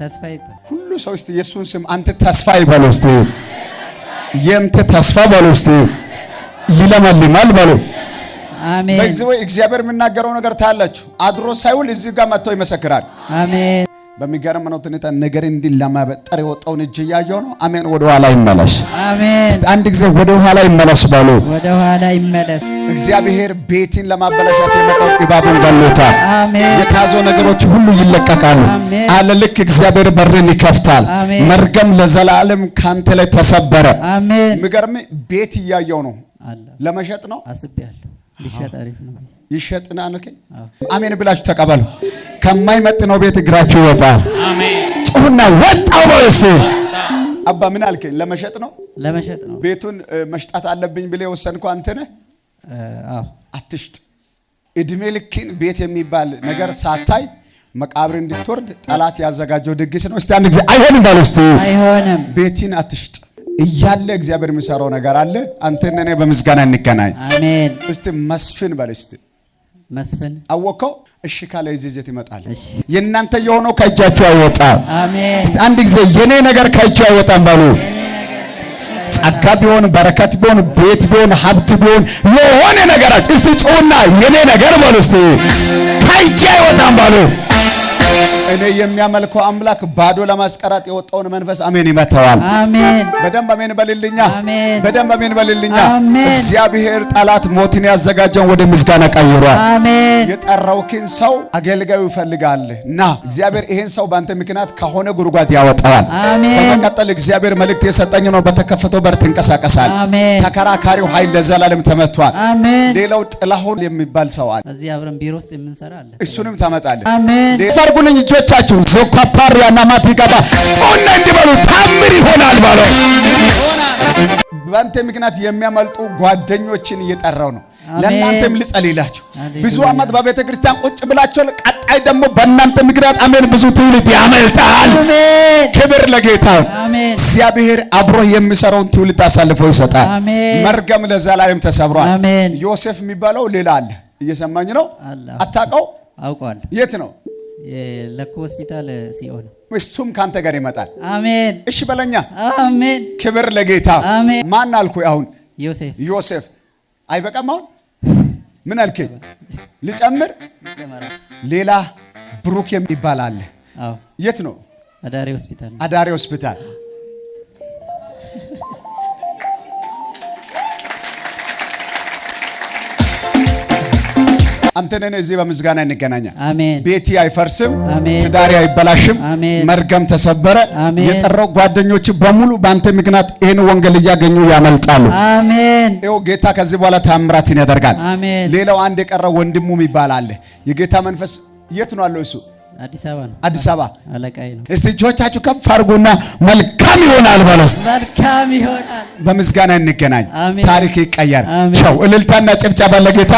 ተስፋ ይበል ሁሉ ሰው እስቲ የሱን ስም አንተ ተስፋ ይበል እስቲ የንተ ተስፋ በለው እስቲ ይለመልማል በለው። አሜን። በዚህ ወይ እግዚአብሔር የምናገረው ነገር ታላችሁ አድሮ ሳይውል እዚህ ጋር መጥቶ ይመሰክራል። አሜን። በሚገርም ነው ትንታ ነገር እንዲህ ለማበጠር የወጣውን እጅ እያየው ነው። አሜን። ወደ ኋላ ይመለስ። አሜን። አንድ ጊዜ ወደ ኋላ ይመለስ በለው። ወደ ኋላ ይመለስ። እግዚአብሔር ቤትን ለማበላሻት የመጣው እባቡን ገሎታል። የታዞ ነገሮች ሁሉ ይለቀቃሉ አለ። ልክ እግዚአብሔር በርን ይከፍታል። መርገም ለዘላለም ካንተ ላይ ተሰበረ። ምገርም ቤት እያየው ነው። ለመሸጥ ነው ይሸጥና አሜን ብላችሁ ተቀበሉ። ከማይመጥነው ቤት እግራችሁ ይወጣል። ጩሁና ወጣው ነው እሱ አባ ምን አልከኝ? ለመሸጥ ነው ለመሸጥ ነው ቤቱን መሽጣት አለብኝ ብለህ የወሰንከው አንተ ነህ። አትሽጥ። እድሜ ልክን ቤት የሚባል ነገር ሳታይ መቃብር እንድትወርድ ጠላት ያዘጋጀው ድግስ ነው። እስቲ አንድ ጊዜ አይሆንም ባለ ውስጥ አይሆንም። ቤቲን አትሽጥ እያለ እግዚአብሔር የሚሰራው ነገር አለ። አንተና እኔ በምስጋና እንገናኝ። አሜን። እስቲ መስፍን ባለ እስቲ መስፍን አወቀው። እሺ ካለ ይዘት ይመጣል። የእናንተ የሆነው ከእጃችሁ አይወጣም። አሜን። እስቲ አንድ ጊዜ የኔ ነገር ከእጃችሁ አይወጣም ባሉ ጸጋ ቢሆን በረከት ቢሆን ቤት ቢሆን ሀብት ቢሆን የሆነ ነገራችሁ እስቲ ጮና የኔ ነገር በሉ እስቲ ከእጄ አይወጣም ባሉ እኔ የሚያመልከው አምላክ ባዶ ለማስቀራት የወጣውን መንፈስ አሜን ይመታዋል። አሜን። በደንብ አሜን በልልኛ። አሜን። በደንብ አሜን በልልኛ። አሜን። እግዚአብሔር ጠላት ሞትን ያዘጋጀውን ወደ ምስጋና ቀይሯል። አሜን። የጠራውክን ሰው አገልጋዩ ይፈልጋል ና እግዚአብሔር ይሄን ሰው በአንተ ምክንያት ከሆነ ጉድጓድ ያወጣዋል። አሜን። በመቀጠል እግዚአብሔር መልእክት የሰጠኝ ነው። በተከፈተው በር ትንቀሳቀሳል። አሜን። ተከራካሪው ኃይል ለዘላለም ተመቷል። አሜን። ሌላው ጥላሁን የሚባል ሰው አለ። እዚህ አብረን ቢሮ ውስጥ የምንሰራ አለ። እሱንም ታመጣለህ። አሜን። ፈርጉልኝ እጆች ልጆቻችሁ ዞካፓሪያና ማትሪቃባ ሆና እንዲበሉ ታምር ይሆናል ባለው በአንተ ምክንያት የሚያመልጡ ጓደኞችን እየጠራው ነው። ለእናንተም ልጸልይላችሁ። ብዙ ዓመት በቤተ ክርስቲያን ቁጭ ብላችኋል። ቀጣይ ደግሞ በእናንተ ምክንያት አሜን፣ ብዙ ትውልድ ያመልጣል። ክብር ለጌታ። እግዚአብሔር አብሮ የሚሰራውን ትውልድ አሳልፎ ይሰጣል። መርገም ለዘላለም ተሰብሯል። ዮሴፍ የሚባለው ሌላ አለ። እየሰማኝ ነው። አታውቀው? የት ነው? ለኮ ሆስፒታል ሲኦል እሱም ካንተ ጋር ይመጣል። አሜን። እሺ በለኛ። አሜን። ክብር ለጌታ። አሜን። ማን አልኩ? አሁን ዮሴፍ ዮሴፍ። አይበቃም? አሁን ምን አልከኝ? ልጨምር። ሌላ ብሩክ የሚባል አለ። የት ነው? አዳሪ ሆስፒታል። አዳሪ ሆስፒታል አንተን እዚህ በምስጋና አሜን። ቤቲ አይፈርስም፣ ትዳሪ አይበላሽም፣ መርገም ተሰበረ። የጠራው ጓደኞች በሙሉ በአንተ ምክንያት ይህን ወንጌል እያገኙ ያመልጣሉ። አሜን። ይኸው ጌታ ከዚህ በኋላ ታምራትን ያደርጋል። ሌላው አንድ የቀረው ወንድሙም ይባላል። የጌታ መንፈስ የት ነው አለው እሱ አዲስ አበባ ነው። አዲስ አበባ አለቃይ ነው። እስቲ እጆቻችሁ ከፍ አድርጉና መልካም ይሆናል ባላስ መልካም ይሆናል። በምስጋና እንገናኝ። ታሪክ ይቀየር። ቻው። እልልታና ጭብጨባ ለጌታ